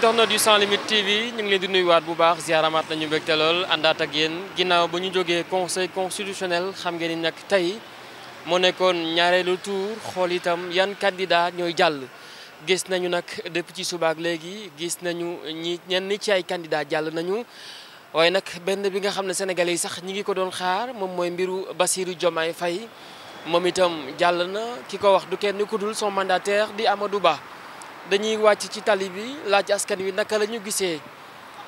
internet yu sans limite TV ñu ngi leen di nuyuwaat bu baax ziaramaat nañu mbégte lool àndaat ak yéen ginnaaw ba ñu jógee conseil constitutionnel xam ngeen ni nag tey moo nekkoon ñaareelu tour xool itam yan candidat ñooy jàll. gis nañu nag depuis ci subaak léegi gis nañu ñi ñenn ci ay candidat jàll nañu waaye nag benn bi nga xam ne sénégalais yi sax ñi ngi ko doon xaar moom mooy mbiru Bassirou Diomaye Faye moom itam jàll na ki ko wax du kenn ku dul son mandataire di Amadou Ba. dañuy wàcc ci tali bi laaj askan wi naka la ñu gisee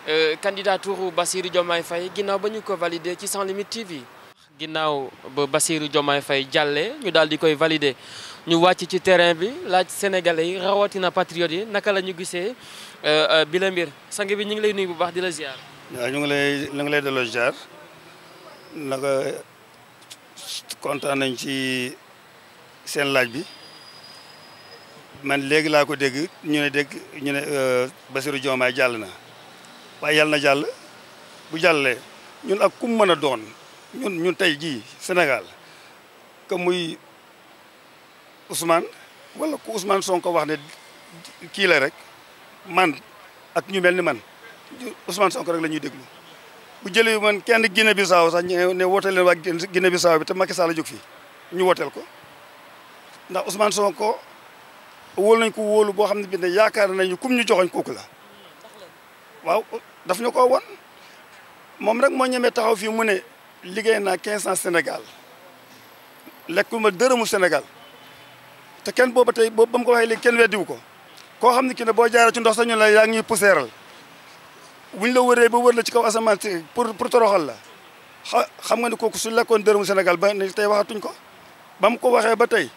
euh, candidature Bassirou Diomaye fay ginnaaw ba ñu ko validé ci Sans Limites TV. ginnaaw ba Bassirou Diomaye fay jàllee ñu daal di koy validé ñu wàcc ci terrain bi laaj sénégalais yi rawatina patriotes yi naka la ñu gisee euh, euh, bi la mbir sang bi ñu ngi lay nuyu bu baax di la ziar. waaw ñu ngi lay ñu ngi lay delloo ziar naka kontaan nañ ci seen laaj bi. man léegi laa ko dégg ñu ne dégg ñu ne euh, Bassirou Diomaye jàll na waaye yàlla na jàll bu jàllee ñun ak kum mën a doon ñun ñun tey jii Sénégal que muy Ousmane wala ku Ousmane Sonko wax ne kii la rek man ak ñu mel ni man Ousmane Sonko rek la ñuy déglu bu jëlee man kenn Guinée Bissau sax ñu ne wooteel leen waa Guinée Bissau bi te Macky Sall jóg fii ñu wooteel ko ndax Ousmane Sonko. wóolu nañ ko wóolu boo xam ne bi ne yaakaar nañu kum ñu joxoñ kooku la waaw daf ñu ko won moom rek moo ñemee taxaw fii mu ne liggéey naa quinze ans Sénégal lekkul ma dërëmu Sénégal te kenn booba tey boobu ba mu ko waxee léegi kenn weddiwu ko koo xam ne ki ne boo jaaree ci ndox sax ñu la yaa ngi ñuy puseeral buñ la wëree ba wër la ci kaw asamaan si pour pour toroxal la xam nga ne kooku su lekkoon dërëmu Sénégal ba tey waxatuñ ko ba mu ko waxee ba tey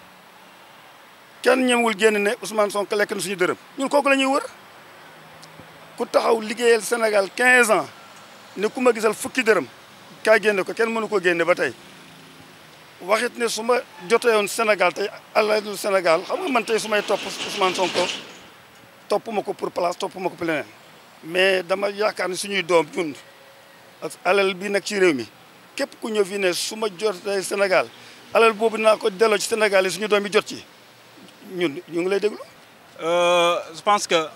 kenn ñemewul génn ne Ousmane Sonko lekk na suñu dërëm ñun kooku la ñuy wër ku taxaw liggéeyal Sénégal 15 ans ne ku ma gisal fukki dërëm ka génne ko kenn mënu ko génne ba tey waxit ne su ma joteewoon Sénégal tey àllu Sénégal xam man tey su may topp Sonko topp ma ko pour place topp ko pour leneen dama yaakaar ne suñuy doom ñun ak alal bi nag ci réew mi képp ku ñëw fii ne su ma jotee Sénégal alal boobu naa ko delloo ci Sénégal suñu doom bi jot ci ñun ñu ngi lay déglu. Euh, je pense que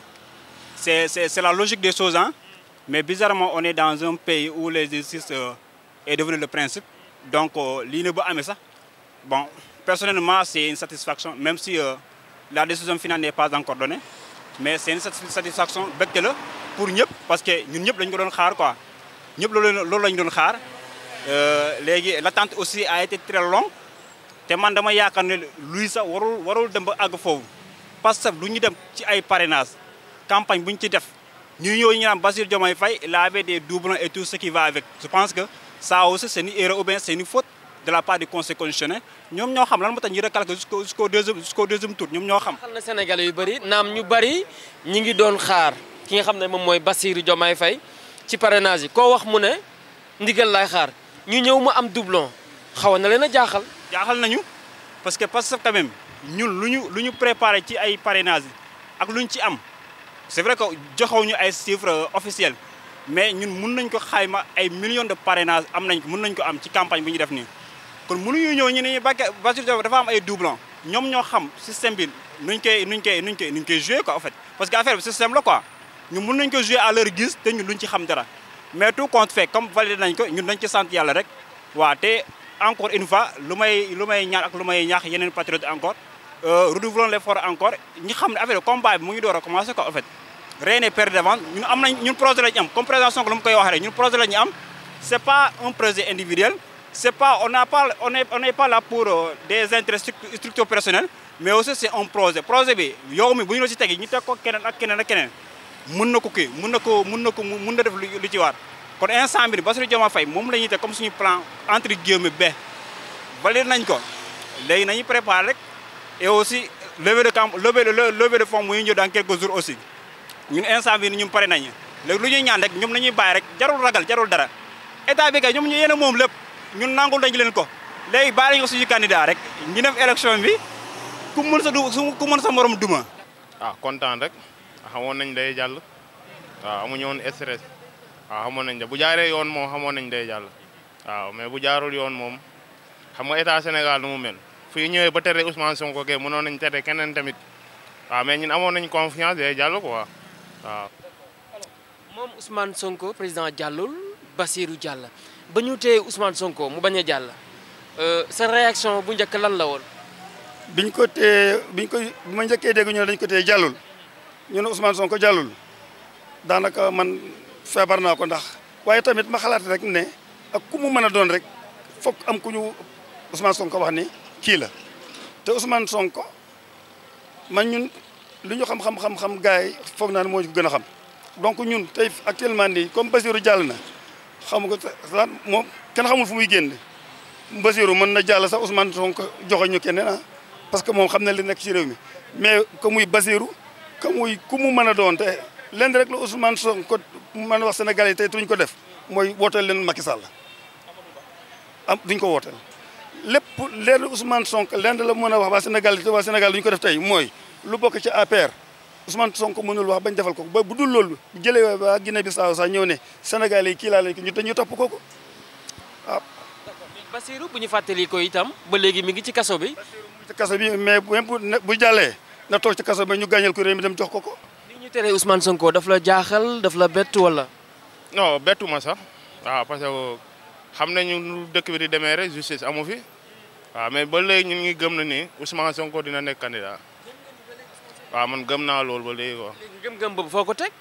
c'est c'est c'est la logique des choses hein mais bizarrement on est dans un pays où les justice euh, est devenu le principe donc euh, lii ne ba amee sax bon personnellement c'est une satisfaction même si euh, la décision finale n'est pas encore donnée mais c'est une satisfaction bëgg la pour ñëpp parce que ñun ñëpp lañ ko doon xaar quoi ñëpp loolu loolu lañ doon xaar léegi l'attente aussi a été très longue te man dama yaakaar ne luy sax warul warul dem ba àgg foofu Pastef lu ñu dem ci ay parrainage campagne bu ñu ci def ñu ñëw ñu naan Bassirou Diomaye Faye il avait des doublons et tout ce qui pense que ça aussi c'est une erreur ou bien c'est une faute de la part du ñoo xam lan moo tax ñu recalqué jusqu'au jusqu'au deuxième jusqu'au deuxième tour ñoom ñoo xam. xam na Sénégalais yu bëri naam ñu ngi doon xaar ki nga xam ne moom mooy Bassirou Diomaye Faye ci parrainage yi koo wax mu ne ndigal laay xaar ñu ñëw mu am doublon xaw na leen a jaaxal. jaaxal nañu parce que parce que quand ñun lu ñu lu ñu préparé ci ay parrainage ak lu ñu ci am c'est vrai que joxewuñu ay chiffres officiels mais ñun mun nañ ko xayma ay million de parrainage am nañ ko mun nañ ko am ci campagne bu ñu def nii. kon mënuñu ñëw ñu ne ñu Bassirou Diomaye dafa am ay doublons ñoom ñoo xam système bi nuñ koy nuñ koy nuñ koy nuñ koy joué quoi en parce que affaire bi système la quoi ñu mun nañ ko joué à leur gis te ñun luñ ci xam dara mais tout compte comme validé nañ ko ñun dañ ci sant yàlla rek encore une fois lu may lu may ñaan lu may ñaax yeneen patriote encore euh, renouvelons l'effort encore ñi xam ne affaire combat bi mu ngi door a commencé quoi en fait rien n'est ñun am nañ ñun projet la ñu am comme président Sonko lu mu koy wax rek ñun projet la ñu am c'est pas un projet individuel c'est pas on n'a pas on pour euh, des intérêts structures mais aussi c'est un projet projet bi yow mi bu ñu la ci ñu teg ko keneen ak keneen ak keneen mën na ko kii mën na ko mën na ko mën na def lu ci waar kon instant bi Bassirou Diomaye fay moom la ñuy teg comme suñu plan entre guillemets ba valide nañ ko léegi nañu préparé rek et aussi levée de camp levée levée de fonds muy ñëw dans quelques jours aussi ñun instant bi ñun pare nañu léegi lu ñuy ñaan rek ñoom nañuy bàyyi rek jarul ragal jarul dara état bi kay ñoom ñu yéen a moom lépp ñun nangul dañu leen ko léegi baa lañu ko suñu candidat rek ñu def élection bi ku mën sa ku mën sa morom duma. ah kontaan rek xamoon nañ day jàll waaw ah, amuñu woon stress. waaw xamoon nañ de bu jaaree yoon moom xamoon nañ day jàll waaw mais bu jaarul yoon moom xam nga état Sénégal nu mu mel fii ñëwee ba tere Ousmane Sonko kay mënoon nañ tere keneen tamit waaw mais ñun amoon nañ confiance day jàll quoi waaw. moom Ousmane Sonko président jàllul basiru jàll ba ñu téye Ousmane Sonko mu bañ a jàll euh, sa réaction bu njëkk lan la woon. biñ ko téye biñ ko bu ma ñu ne dañ ko téye jàllul ñu ne Sonko jàllul daanaka man. feebar naa ko ndax waaye tamit ma xalaat rek ne ak ku mu mën a doon rek foog am ku ñu Ousmane Sonko wax ni kii la te Ousmane Sonko man ñun lu ñu xam xam xam xam gars yi foog naa ne moo gën a xam donc ñun tey actuellement nii comme Basirou jàll na xam nga sax moom kenn xamul fu muy génn Basirou mën na jàll sax Ousmane sonk joxe ñu keneen ah parce que moom xam na li nekk ci réew mi mais que muy Basirou que muy ku mu mën a doon te lenn rek la Ousmane Sonko mën a wax sénégalais yi tey duñ ko def mooy wooteel leen Macky Sall am duñ ko wooteel lépp leen Ousmane Sonko lenn la mën a wax waa Sénégal waa Sénégal duñ ko def tey mooy lu bokk ci APR Ousmane sonk mënul wax bañ defal ko ba bu dul loolu bu jëlee waa bi Bissau sax ñëw ne sénégalais yi kii laa leen ko ñu dañuy topp kooku waaw. Ah. bu ñu fàttali ko itam ba léegi mi ngi ci kaso bi. Bassirou mu ngi ci kaso bi mais bu bu jàllee na toog ci kaso bi ñu gaañal ko réew mi dam jox ko ko. ñu teree Ousmane Sonko dafa la jaaxal daf la bett walla non bettu ma sax waaw parce que xam nañu nu dëkk bi di demee rek justice amu fi waaw mais ba léegi ñun ngi gëm na ni Ousmane Sonko dina nekk candidat waaw man gëm naa loolu ba léegi quoi. gëm-gëm boobu foo ko teg.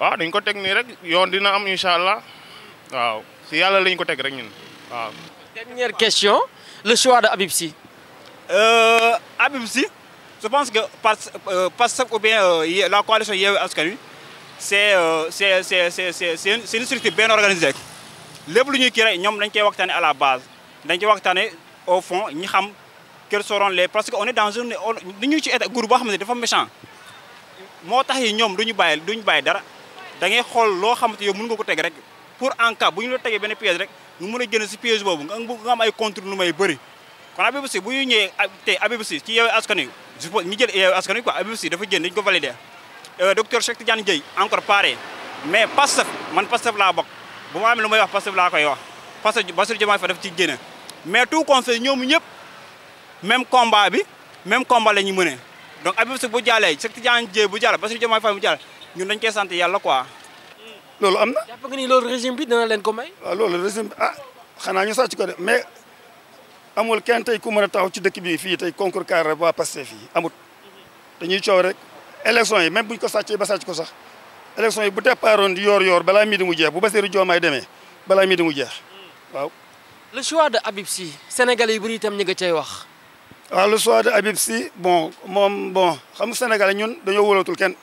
waaw dañ ko teg nii rek yoon dina am incha allah waaw si yàlla lañ ko teg rek ñun waaw. dernière question le choix de Habib Sy. Euh, je pense que PASTEF euh, ou bien euh, la coalition Yewwi Askan Wi c'est euh, c'est c'est c'est une structure bien organisée lépp lu ñuy kii ñoom dañ koy waxtaane à la base dañ koy waxtaane au fond ñi xam quels soron les parce que on est ni ñu ci état groupe boo xam ne dafa méchant moo tax yi ñoom duñu bàyyi duñu bàyyi dara da ngay xool loo xamante yow mën nga ko teg rek pour en cas bu ñu la tegee benn piège rek ñu mën a génn si piège boobu nga am ay contre nu may bëri kon Habib Sy bu ñëwee tey Habib ci Yewwi Askan Wi je suppose ñi jël Yewwi eh, Askan Wi quoi Habib Sy dafa jënd dañu ko validé eh, docteur Cheikh Tidiane Dièye encore pareil mais Pastef man Pastef laa bokk bu ma lu may wax Pastef laa koy wax Pastef Bassirou Diomaye Faye dafa ci génn mais tout conseil ñoom ñëpp même combat bi même combat la bu jàllee Cheikh Tidiane Dièye bu jàll Bassirou Diomaye Faye bu jàll ñun dañ koy sant yàlla loolu am na. jàpp nga loolu régime bi dana leen ko may. loolu régime bi ah, xanaa ñu sàcc amul kenn tey ku mën a taxaw ci dëkk bi fii tey concours carré ba Pastef fii amut dañuy coow rek élection yi même buñ ko sàccee ba sàcc ko sax élection yi bu départoon di yoor yoor balaa midi mu jeex bu Bassirou Diomaye demee balaa midi mu jeex waaw le choix de Habib si senegal yi bu ñu ñu nga cay wax waaw le choix de Habib bon moom bon xam sénégalais ñun dañoo wóolootul kenn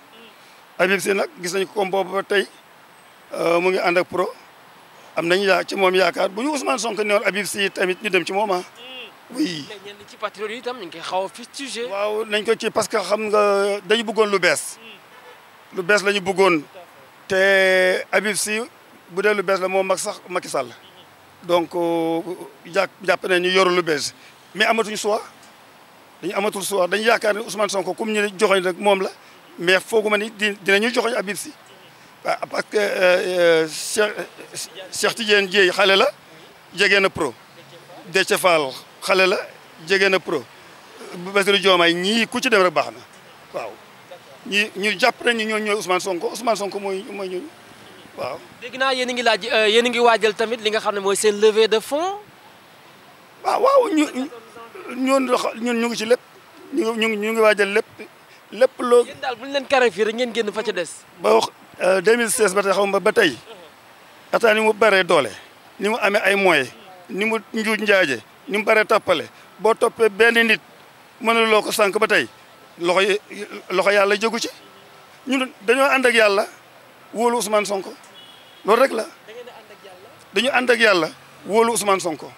Habib gis nañu ko comme boobu ba tey euh, mu ngi ànd ak pro am nañu yaa ci moom yaakaar bu ñu Ousmane Sonko ne woon Habib Sy tamit ñu dem ci moom ah. ci patriote yi itam koy xaw a fustigé waaw nañ ko ci parce que xam nga dañu bëggoon lu bees hmm. lu bees lañu ñu bëggoon te Habib Sy bu dee lu bees la moom mag sax Macky Sall hmm. donc euh, jàpp jàpp ne ñu yoru lu bees mais amatuñu choix dañu amatul choix dañu yaakaar ne Ousmane Sonko comme ñu joxoñ rek moom la mais fooguma ni di dinañu joxoñ Habib Sy hmm. waaw parce que euh, euh, Cheikh Cheikh Tidiane Dieye xale la jege na pro Déthié Fall xale la jege na pro Bassirou Diomaye ñii ku ci dem rek baax na waaw ñi ñu jàpp nañ ñi ñoo ñooy Ousmane Sonko Ousmane Sonko mooy mooy ñooñu waaw. dégg naa yéen a ngi laaj euh, yéen a ngi waajal tamit li nga xam ne mooy seen levée de fonds. waaw ah, waaw ñu ñoon ñun ñu ngi ci lépp ñu ngi ñu ngi waajal lépp lépp loo. yéen daal bu ñu leen carré fii rek ngeen génn fa ca des. ba wax 2016 euh, ba tey xaw ma ba tey ataa ni mu baree doole ni mu amee ay moyens ni mu njuuj njaaje ñu mu tappale boo toppee benn nit mënuloo ko sànq ba tey loxo loxo yàlla jógu ci ñu dañoo ànd ak yàlla wóolu Ousmane Sonko loolu rek la dañu ànd ak yàlla wóolu Ousmane Sonko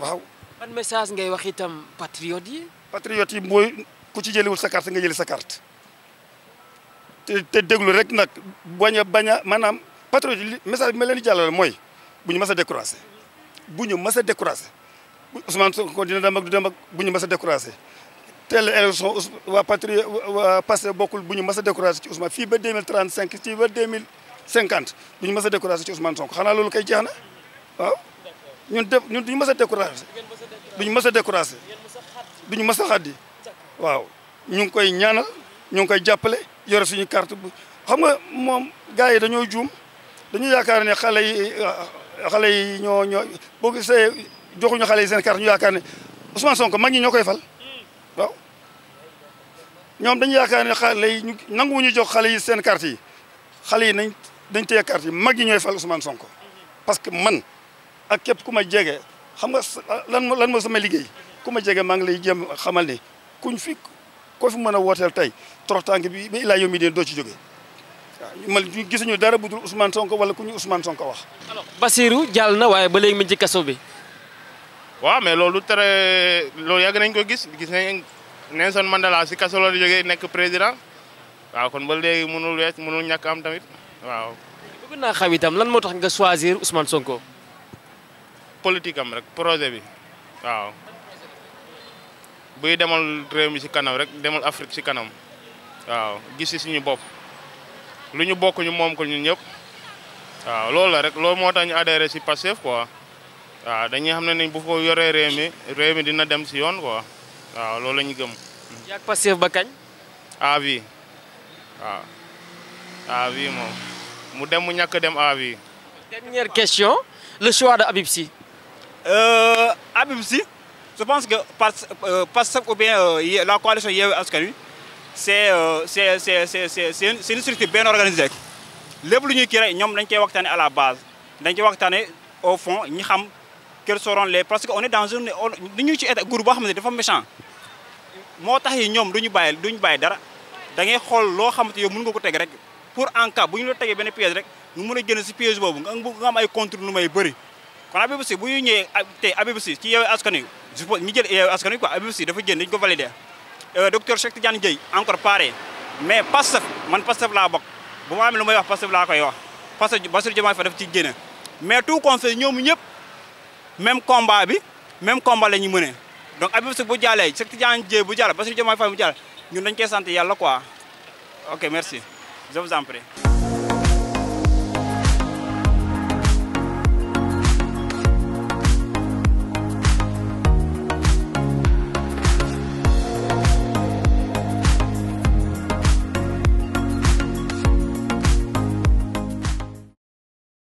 waaw. ban message ngay wax itam patriote yi. patriote yi mooy ku ci jëliwul sa carte nga jëli sa carte te te déglu rek nag bañ a bañ a maanaam patriote yi message bi ma leen di mooy bu ñu mës a découragé bu ñu mës a Ousmane Sonko dina dem ak du dem ak bu ñu mës a découragé telle élection waa patrie waa passé bokkul bu ñu mës a découragé ci Ousmane fii ba 2035 ci ba 2050 bu ñu mës a découragé ci Ousmane Sonko xanaa loolu kay jeex na ñun def ñun duñu mës a découragé duñu mës a découragé duñu mës a koy ñaanal ñu koy jàppale yore suñu carte bu xam nga moom juum dañu yaakaar ne xale yi xale yi ñoo ñoo boo joxuñu xale yi seen carte ñu yaakaar ne Sonko mag ñi ñoo koy fal waaw ñoom dañu yaakaar ne xale yi ñu nanguwuñu jox xale yi seen carte yi xale yi nañ dañ téye carte yi mag yi ñooy fal Ousmane Sonko parce que man ak képp ku ma jege xam nga lan lan moo sama liggéey ku ma jege maa ngi lay jéem xamal ni kuñ fi koo fi mën a wooteel tey toroxtaange bi ba illaa yow mii de doo ci jógee waaw man gisuñu dara budul Ousmane Sonko wala ku ñu Ousmane Sonko wax. alors Basirou jàll na waaye ba léegi mi ci kaso bi. waaw mais loolu tere loolu yàgg nañ ko gis gis nañ Nelson Mandela si kaso la jógee nekk président waaw kon ba léegi mënul wees mënul ñàkk am tamit waaw. bëgg naa xam lan moo tax nga choisir Ousmane Sonko. politique am rek projet bi waaw buy demal réew mi si kanam rek demal Afrique si kanam waaw gis si suñu bopp lu ñu bokk moom ko ñun ñëpp waaw loolu la rek loolu moo tax ñu adhéré si Pastef quoi. waaw dañuy xam ne ni bu ko yoree réew mi dina dem si yoon waa waaw loolu la ñu gëm. yàgg Pastef ba kañ. à vie waaw à moom mu dem mu ñàkk dem à vie. dernière question le choix de Habib Sy. Euh, je pense que Pastef euh, ou bien euh, la coalition Yewwi Askan Wi c'est c'est c'est c'est c'est une structure bien organisée lépp lu ñuy kii rek ñoom dañ koy waxtaanee à la base dañ koy waxtaanee au fond ñi xam. quels seront les parce que on est dans ci état groupe boo xam ne dafa méchant moo tax yi ñoom du ñu bàyyi du ñu bàyyi dara da ngay xool loo xamante yow mën nga ko teg rek pour en cas bu ñu la tegee benn rek nga mën a génn si piège boobu nga am ay contre nu may bëri kon Habib Sy bu ñu ñëwee ah, tey Habib Sy ci Yewwi Askan Wi je pense ñu jël Yewwi Askan Wi quoi Habib Sy dafa génn dañu ko validé euh, docteur Cheikh Tidiane Dièye encore pareil mais Pastef man Pastef laa bokk bu ma amee lu may wax laa koy wax Pastef Bassirou Diomaye Faye daf ñëpp même combat bi même combat la ñu mënee donc Habib Sy bu jàllee Cheikh Tidiane Dièye bu jàll Bassirou Diomaye Faye bu jàll ñun dañ koy sant yàlla quoi ok merci